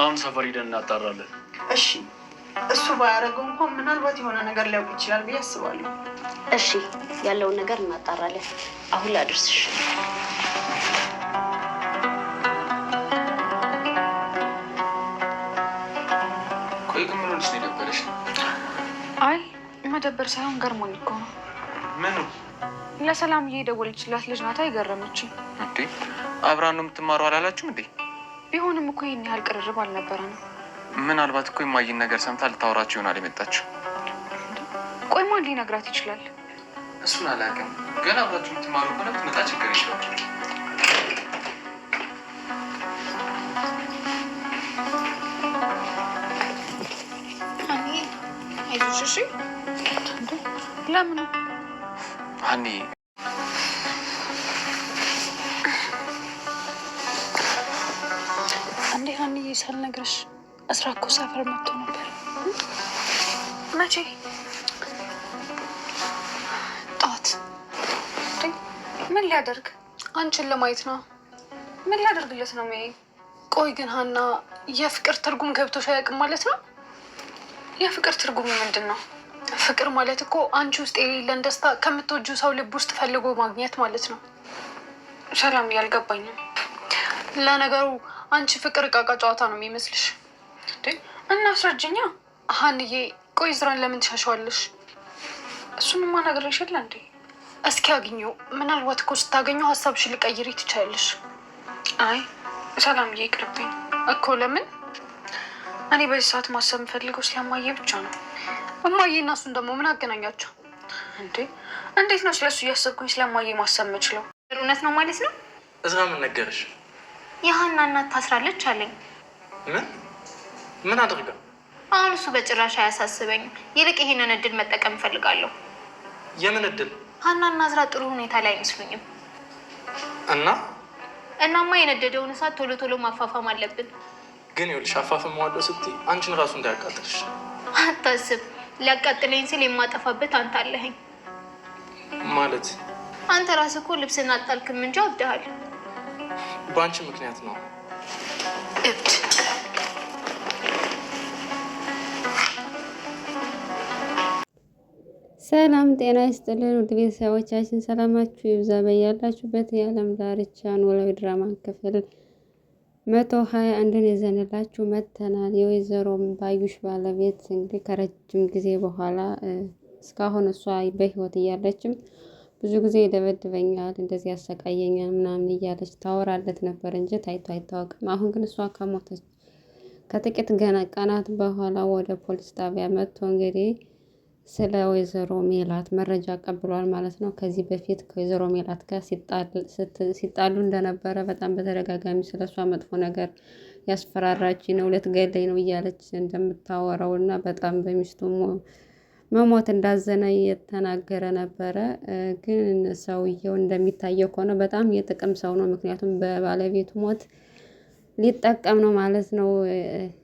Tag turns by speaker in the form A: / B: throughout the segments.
A: አሁን ሰፈር ሂደን እናጣራለን።
B: እሺ፣ እሱ ባያደርገው እንኳን ምናልባት የሆነ ነገር ሊያውቅ ይችላል ብዬ አስባለሁ።
C: እሺ፣ ያለውን ነገር እናጣራለን። አሁን ላድርስሽ።
A: ቆይ ግን ምን ሆነሽ ነው የደበረሽ?
D: አይ መደበር ሳይሆን ገርሞኝ እኮ ነው። ምኑ? ለሰላምዬ የደወለችላት ልጅ ናት አይገረመችም
A: እንዴ! አብራ ነው የምትማረው አላላችሁም እንዴ?
D: ቢሆንም እኮ ይህን ያህል ቅርርብ አልነበረ ነው።
A: ምናልባት እኮ የማይን ነገር ሰምታ ልታወራቸው ይሆናል የመጣችው።
D: ቆይ ማን ሊነግራት ይችላል?
A: እሱን አላውቅም። ገና አብራችሁ የምትማሩ ሆነ ትመጣ ችግር ይችላል። ለምን ሀኒ
B: ብዬ ሳልነግርሽ አስራ እኮ ሰፈር መጥቶ ነበር።
D: መቼ? ጠዋት። ምን ሊያደርግ?
B: አንቺን ለማየት ነው።
D: ምን ሊያደርግለት ነው? ሜ
B: ቆይ ግን ሀና፣ የፍቅር ትርጉም ገብቶሽ አያውቅም ማለት ነው?
D: የፍቅር ትርጉሙ ምንድን ነው?
B: ፍቅር ማለት እኮ አንቺ ውስጥ የሌለን ደስታ ከምትወጁ ሰው ልብ ውስጥ ፈልጎ ማግኘት ማለት ነው።
D: ሰላም፣ አልገባኝም
B: ለነገሩ አንቺ ፍቅር እቃቃ ጨዋታ ነው የሚመስልሽ እና እናስረጅኛ ሀንዬ። ቆይ ዝራን ለምን ትሻሸዋለሽ?
D: እሱንማ ነግሬሽ የለ እንዴ?
B: እስኪ አግኙ ምናልባት እኮ ስታገኘው ሀሳብሽ ልቀይሪ ትቻለሽ
D: አይ ሰላምዬ፣ ይቅርብኝ እኮ ለምን እኔ በዚህ ሰዓት ማሰብ የምፈልገው ስለማየ ብቻ ነው።
B: እማዬ እና እሱን ደግሞ ምን አገናኛቸው እንዴ? እንዴት ነው ስለሱ እያሰብኩኝ ስለማየ ማሰብ የምችለው?
D: እውነት ነው ማለት ነው።
A: እዛ ምን ነገርሽ
C: የሀና እናት ታስራለች አለኝ።
A: ምን ምን አድርጋ?
C: አሁን እሱ በጭራሽ አያሳስበኝም። ይልቅ ይሄንን እድል መጠቀም እፈልጋለሁ። የምን እድል? ሀናና አዝራ ጥሩ ሁኔታ ላይ አይመስሉኝም። እና እናማ የነደደውን እሳት ቶሎ ቶሎ ማፋፋም አለብን።
A: ግን ይኸውልሽ አፋፍመዋለሁ ስትይ አንቺን ራሱ እንዳያቃጥልሽ
C: አታስብ። ሊያቃጥለኝ ስል የማጠፋበት አንተ አለኸኝ ማለት አንተ ራስህ እኮ ልብስን አጣልክም እንጂ አብደሃል።
A: በአንቺ ምክንያት ነው። እብድ
E: ሰላም ጤና ይስጥልን ውድ ቤተሰቦቻችን፣ ሰላማችሁ ይብዛ በያላችሁበት የዓለም ዳርቻ። ኖላዊ ድራማ ክፍል መቶ ሀያ አንድን የዘንላችሁ መጥተናል። የወይዘሮ ባዩሽ ባለቤት እንግዲህ ከረጅም ጊዜ በኋላ እስካሁን እሷ በህይወት እያለችም ብዙ ጊዜ ይደበድበኛል እንደዚህ ያሰቃየኛል ምናምን እያለች ታወራለት ነበር እንጂ ታይቶ አይታወቅም። አሁን ግን እሷ ከሞተች ከጥቂት ገና ቀናት በኋላ ወደ ፖሊስ ጣቢያ መጥቶ እንግዲህ ስለ ወይዘሮ ሜላት መረጃ ቀብሏል ማለት ነው። ከዚህ በፊት ከወይዘሮ ሜላት ጋር ሲጣሉ እንደነበረ በጣም በተደጋጋሚ ስለ እሷ መጥፎ ነገር ያስፈራራች ነው ልትገለኝ ነው እያለች እንደምታወራው እና በጣም በሚስቱ መሞት እንዳዘነ እየተናገረ ነበረ። ግን ሰውየው እንደሚታየው ከሆነ በጣም የጥቅም ሰው ነው። ምክንያቱም በባለቤቱ ሞት ሊጠቀም ነው ማለት ነው።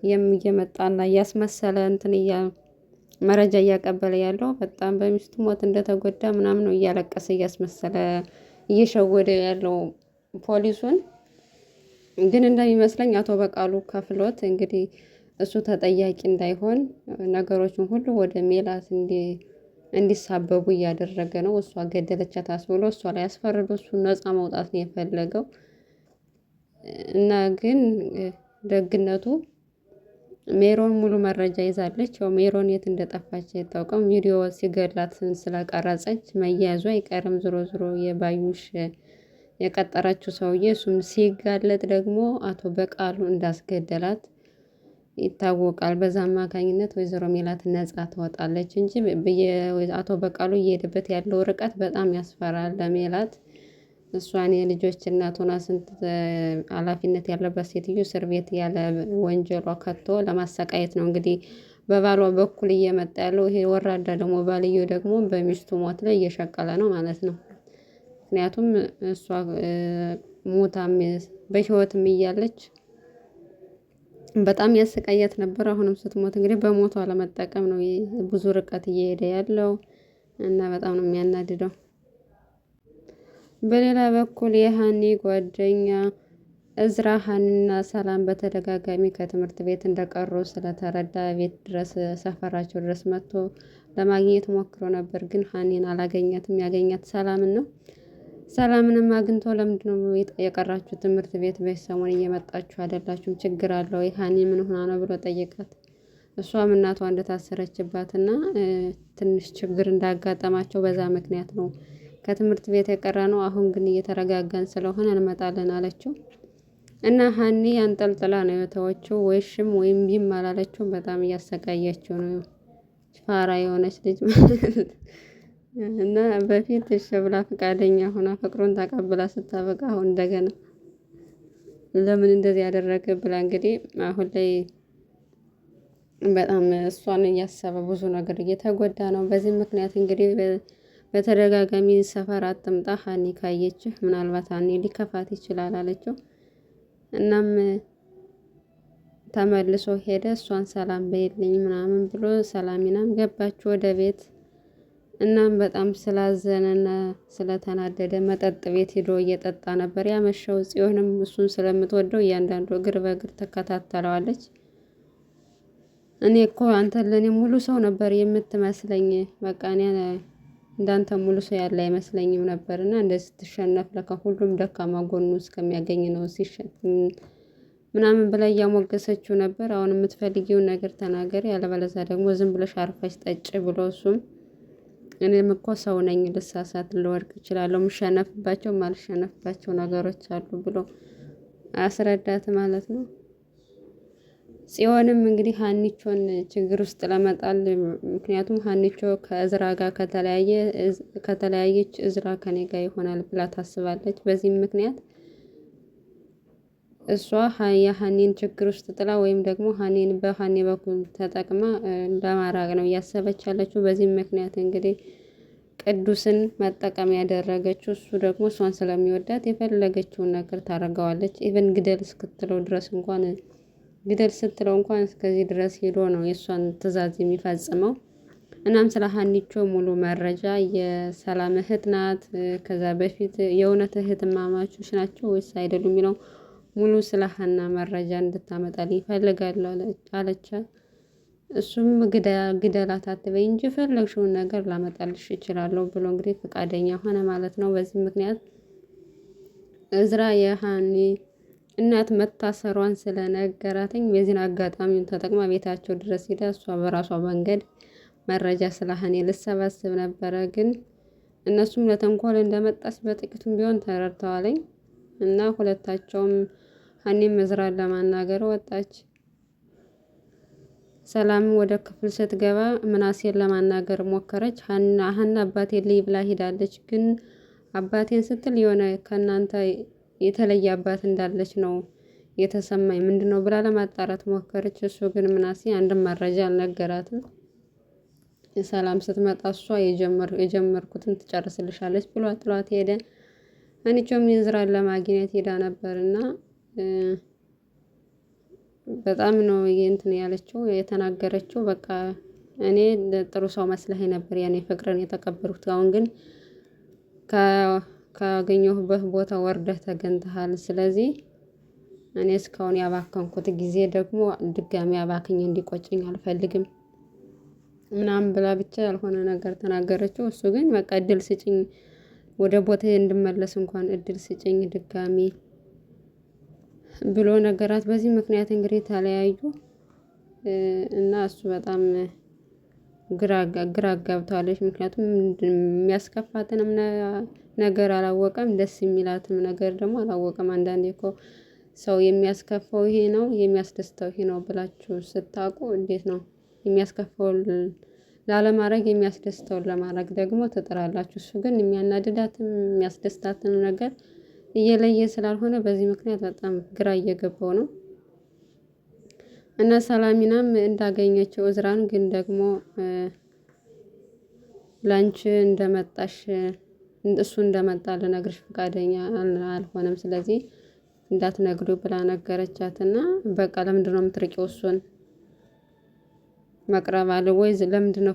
E: እየመጣና እያስመሰለ እንትን እያ መረጃ እያቀበለ ያለው በጣም በሚስቱ ሞት እንደተጎዳ ምናምን ነው እያለቀሰ እያስመሰለ እየሸወደ ያለው ፖሊሱን። ግን እንደሚመስለኝ አቶ በቃሉ ከፍሎት እንግዲህ እሱ ተጠያቂ እንዳይሆን ነገሮችን ሁሉ ወደ ሜላት እንዲሳበቡ እያደረገ ነው። እሷ ገደለቻት አስብሎ እሷ ላይ አስፈርዶ እሱ ነፃ መውጣት ነው የፈለገው እና ግን ደግነቱ ሜሮን ሙሉ መረጃ ይዛለች። ያው ሜሮን የት እንደጠፋች አይታወቅም። ቪዲዮ ሲገላት ስለቀረጸች መያዙ አይቀርም። ዝሮ ዝሮ የባዩሽ የቀጠረችው ሰውዬ እሱም ሲጋለጥ ደግሞ አቶ በቃሉ እንዳስገደላት ይታወቃል። በዛ አማካኝነት ወይዘሮ ሜላት ነፃ ትወጣለች እንጂ አቶ በቃሉ እየሄደበት ያለው ርቀት በጣም ያስፈራል። ለሜላት እሷን የልጆች እናት ሆና ስንት ኃላፊነት ያለባት ሴትዮ እስር ቤት ያለ ወንጀሏ ከቶ ለማሰቃየት ነው እንግዲህ በባሏ በኩል እየመጣ ያለው ይሄ ወራዳ ደግሞ ባልዮ ደግሞ በሚስቱ ሞት ላይ እየሸቀለ ነው ማለት ነው። ምክንያቱም እሷ ሞታም በህይወትም እያለች በጣም ያሰቃያት ነበር። አሁንም ስትሞት እንግዲህ በሞቷ ለመጠቀም ነው ብዙ ርቀት እየሄደ ያለው እና በጣም ነው የሚያናድደው። በሌላ በኩል የሀኒ ጓደኛ እዝራ ሀኒና ሰላም በተደጋጋሚ ከትምህርት ቤት እንደቀሩ ስለተረዳ ቤት ድረስ ሰፈራቸው ድረስ መጥቶ ለማግኘት ሞክሮ ነበር፣ ግን ሀኒን አላገኛትም። ያገኛት ሰላምን ነው። ሰላምንም አግኝቶ ለምንድነው የቀራችሁ ትምህርት ቤት በሰሞን እየመጣችሁ አይደላችሁም? ችግር አለው ወይ ሀኒ ምን ሆና ነው ብሎ ጠየቃት። እሷም እናቷ እንደታሰረችባትና ትንሽ ችግር እንዳጋጠማቸው በዛ ምክንያት ነው ከትምህርት ቤት የቀራ ነው። አሁን ግን እየተረጋጋን ስለሆነ እንመጣለን አለችው እና ሀኒ አንጠልጥላ ነው የተወችው። ወይሽም ወይም ቢም አላለችው። በጣም እያሰቃያቸው ነው። ፋራ የሆነች ልጅ እና በፊት እሺ ብላ ፈቃደኛ ሆና ፍቅሩን ተቀብላ ስታበቃ አሁን እንደገና ለምን እንደዚህ ያደረገ ብላ እንግዲህ አሁን ላይ በጣም እሷን እያሰበ ብዙ ነገር እየተጎዳ ነው። በዚህም ምክንያት እንግዲህ በተደጋጋሚ ሰፈር አትምጣ ሀኒ ካየችህ ምናልባት ሀኒ ሊከፋት ይችላል አለችው። እናም ተመልሶ ሄደ። እሷን ሰላም በይልኝ ምናምን ብሎ ሰላሚናም ገባች ወደ ቤት። እናም በጣም ስላዘነና ስለተናደደ መጠጥ ቤት ሄዶ እየጠጣ ነበር ያመሻው። ጽዮንም እሱን ስለምትወደው እያንዳንዱ እግር በእግር ትከታተለዋለች። እኔ እኮ አንተ ለእኔ ሙሉ ሰው ነበር የምትመስለኝ፣ በቃ እኔ እንዳንተ ሙሉ ሰው ያለ አይመስለኝም ነበር እና እንደዚህ ስትሸነፍ ለካ ሁሉም ደካማ ጎኑ እስከሚያገኝ ነው ሲሸን ምናምን ብላ እያሞገሰችው ነበር። አሁን የምትፈልጊውን ነገር ተናገሪ፣ ያለበለዚያ ደግሞ ዝም ብለሽ አርፈሽ ጠጭ ብሎ እሱም እኔም እኮ ሰው ነኝ፣ ልሳሳት፣ ልወድቅ እችላለሁ፣ የምሸነፍባቸው የማልሸነፍባቸው ነገሮች አሉ ብሎ አስረዳት ማለት ነው። ጽዮንም እንግዲህ ሀኒቾን ችግር ውስጥ ለመጣል ምክንያቱም ሀኒቾ ከእዝራ ጋር ከተለያየ ከተለያየች እዝራ ከኔ ጋር ይሆናል ብላ ታስባለች። በዚህም ምክንያት እሷ የሀኔን ችግር ውስጥ ጥላ ወይም ደግሞ ሀኔን በሀኔ በኩል ተጠቅማ ለማራቅ ነው እያሰበች ያለችው። በዚህም ምክንያት እንግዲህ ቅዱስን መጠቀም ያደረገችው እሱ ደግሞ እሷን ስለሚወዳት የፈለገችውን ነገር ታደርገዋለች። ኢቨን ግደል እስክትለው ድረስ እንኳን ግደል ስትለው እንኳን እስከዚህ ድረስ ሄዶ ነው የእሷን ትዕዛዝ የሚፈጽመው። እናም ስለ ሀኒቾ ሙሉ መረጃ የሰላም እህት ናት፣ ከዛ በፊት የእውነት እህት ማማቾች ናቸው ወይስ አይደሉም የሚለው ሙሉ ስለ ሀና መረጃ እንድታመጣልኝ ይፈልጋለሁ አለቻ። እሱም ግደላት አትበይ እንጂ ፈለግሽውን ነገር ላመጣልሽ እችላለሁ ብሎ እንግዲህ ፈቃደኛ ሆነ ማለት ነው። በዚህ ምክንያት እዝራ የሀኒ እናት መታሰሯን ስለነገራትኝ የዚህን አጋጣሚውን ተጠቅማ ቤታቸው ድረስ ሄዳ እሷ በራሷ መንገድ መረጃ ስለ ሀኒ ልሰባስብ ነበረ። ግን እነሱም ለተንኮል እንደመጣች በጥቂቱም ቢሆን ተረድተዋለኝ እና ሁለታቸውም ሀኒም እዝራን ለማናገር ወጣች። ሰላም ወደ ክፍል ስትገባ ምናሴን ለማናገር ሞከረች። ሀና አባቴን ልይ ብላ ሄዳለች። ግን አባቴን ስትል የሆነ ከእናንተ የተለየ አባት እንዳለች ነው የተሰማኝ፣ ምንድን ነው ብላ ለማጣራት ሞከረች። እሱ ግን ምናሴ አንድም መረጃ አልነገራትም። ሰላም ስትመጣ እሷ የጀመርኩትን ትጨርስልሻለች ብሏት ጥሏት ሄደ። አንቺም የዝራን ለማግኘት ሄዳ ነበርና በጣም ነው እንትን ያለችው የተናገረችው በቃ እኔ ጥሩ ሰው መስለኸኝ ነበር ያኔ ፍቅርን የተቀበልኩት አሁን ግን ካገኘሁበት ቦታ ወርደህ ተገኝተሃል ስለዚህ እኔ እስካሁን ያባከንኩት ጊዜ ደግሞ ድጋሚ አባክኝ እንዲቆጭኝ አልፈልግም ምናምን ብላ ብቻ ያልሆነ ነገር ተናገረችው እሱ ግን በቃ እድል ስጭኝ ወደ ቦታዬ እንድመለስ እንኳን እድል ስጭኝ ድጋሚ ብሎ ነገራት። በዚህ ምክንያት እንግዲህ ተለያዩ እና እሱ በጣም ግራ ገብተዋለች። ምክንያቱም የሚያስከፋትንም ነገር አላወቀም፣ ደስ የሚላትም ነገር ደግሞ አላወቀም። አንዳንዴ እኮ ሰው የሚያስከፋው ይሄ ነው የሚያስደስተው ይሄ ነው ብላችሁ ስታውቁ እንዴት ነው የሚያስከፋው ላለማድረግ የሚያስደስተውን ለማድረግ ደግሞ ትጥራላችሁ። እሱ ግን የሚያናድዳትም የሚያስደስታትም ነገር እየለየ ስላልሆነ በዚህ ምክንያት በጣም ግራ እየገባው ነው። እና ሰላሚናም እንዳገኘችው እዝራን ግን ደግሞ ላንቺ እንደመጣሽ እሱ እንደመጣ ልነግርሽ ፈቃደኛ አልሆነም፣ ስለዚህ እንዳትነግዱ ብላ ነገረቻትና በቃ ለምንድነው የምትርቂው እሱን መቅረብ አለ ወይ? ለምንድን ነው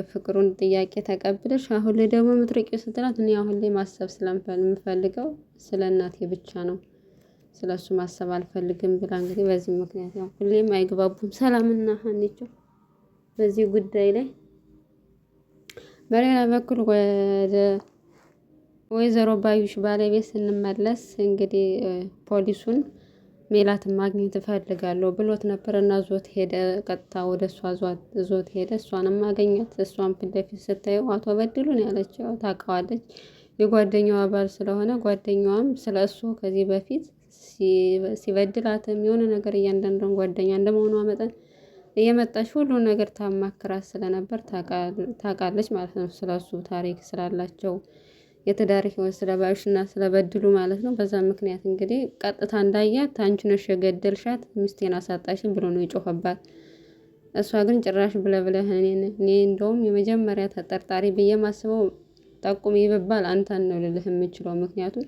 E: የፍቅሩን ጥያቄ ተቀብለሽ አሁን ላይ ደግሞ የምትርቂው ስትላት፣ እኔ አሁን ላይ ማሰብ ስለምፈልገው ስለ እናቴ ብቻ ነው ስለ እሱ ማሰብ አልፈልግም ብላ እንግዲህ በዚህ ምክንያት ያው ሁሌም አይግባቡም ሰላምና ሀኒቾ በዚህ ጉዳይ ላይ። በሌላ በኩል ወደ ወይዘሮ ባዩሽ ባለቤት ስንመለስ እንግዲህ ፖሊሱን ሜላትን ማግኘት እፈልጋለሁ ብሎት ነበር እና ዞት ሄደ። ቀጥታ ወደ እሷ ዞት ሄደ። እሷን ማገኘት እሷን ፊት ለፊት ስታየው አቶ በድሉን ያለችው ታውቃዋለች። የጓደኛዋ ባል ስለሆነ ጓደኛዋም ስለ እሱ ከዚህ በፊት ሲበድላትም የሆነ ነገር እያንዳንዱን ጓደኛ እንደመሆኗ መጠን እየመጣች ሁሉን ነገር ታማክራት ስለነበር ታውቃለች ማለት ነው። ስለ እሱ ታሪክ ስላላቸው የትዳር ህይወት ስለባዩሽና ስለበድሉ ማለት ነው። በዛ ምክንያት እንግዲህ ቀጥታ እንዳያት አንቺ ነሽ የገደልሻት ሚስቴን አሳጣሽን ብሎ ነው የጮኸባት። እሷ ግን ጭራሽ ብለብለህ እኔ እንደውም የመጀመሪያ ተጠርጣሪ ብዬ ማስበው ጠቁሚ ይብባል አንተን ነው ልልህ የምችለው። ምክንያቱም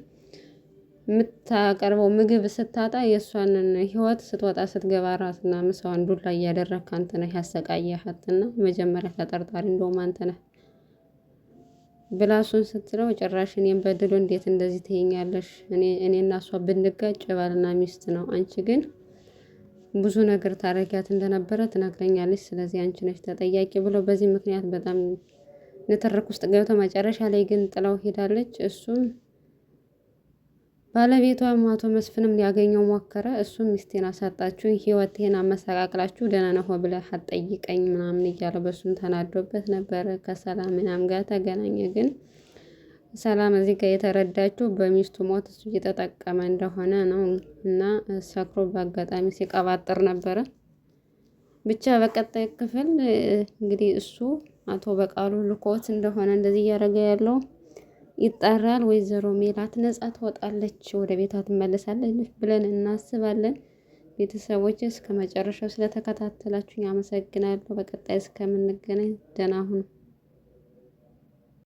E: የምታቀርበው ምግብ ስታጣ የእሷንን ህይወት ስትወጣ ስትገባ ራትና ምሳዋን ዱላ እያደረግክ አንተ ነህ ያሰቃየሃትና መጀመሪያ ተጠርጣሪ እንደውም አንተ ነህ። ብላ እሱን ስትለው ጭራሽ እኔም በድሎ እንዴት እንደዚህ ትይኛለሽ? እኔ እና እሷ ብንጋጭ ባልና ሚስት ነው። አንቺ ግን ብዙ ነገር ታረጊያት እንደነበረ ትነግረኛለች። ስለዚህ አንቺ ነች ተጠያቂ ብሎ በዚህ ምክንያት በጣም ንትርክ ውስጥ ገብተው መጨረሻ ላይ ግን ጥለው ሄዳለች እሱም ባለቤቷም አቶ መስፍንም ሊያገኘው ሞከረ። እሱም ሚስቴን አሳጣችሁ፣ ህይወቴን አመሰቃቅላችሁ ደህና ነሆ ብለህ አትጠይቀኝ ምናምን እያለው በሱም ተናዶበት ነበረ። ከሰላም ምናም ጋር ተገናኘ። ግን ሰላም እዚህ ጋር የተረዳችው በሚስቱ ሞት እሱ እየተጠቀመ እንደሆነ ነው እና ሰክሮ በአጋጣሚ ሲቀባጥር ነበረ። ብቻ በቀጣይ ክፍል እንግዲህ እሱ አቶ በቃሉ ልኮት እንደሆነ እንደዚህ እያደረገ ያለው ይጣራል። ወይዘሮ ሜላት ነጻ ትወጣለች፣ ወደ ቤቷ ትመለሳለች ብለን እናስባለን። ቤተሰቦች እስከ መጨረሻው ስለተከታተላችሁ አመሰግናለሁ። በቀጣይ እስከምንገናኝ ደህና ሁኑ።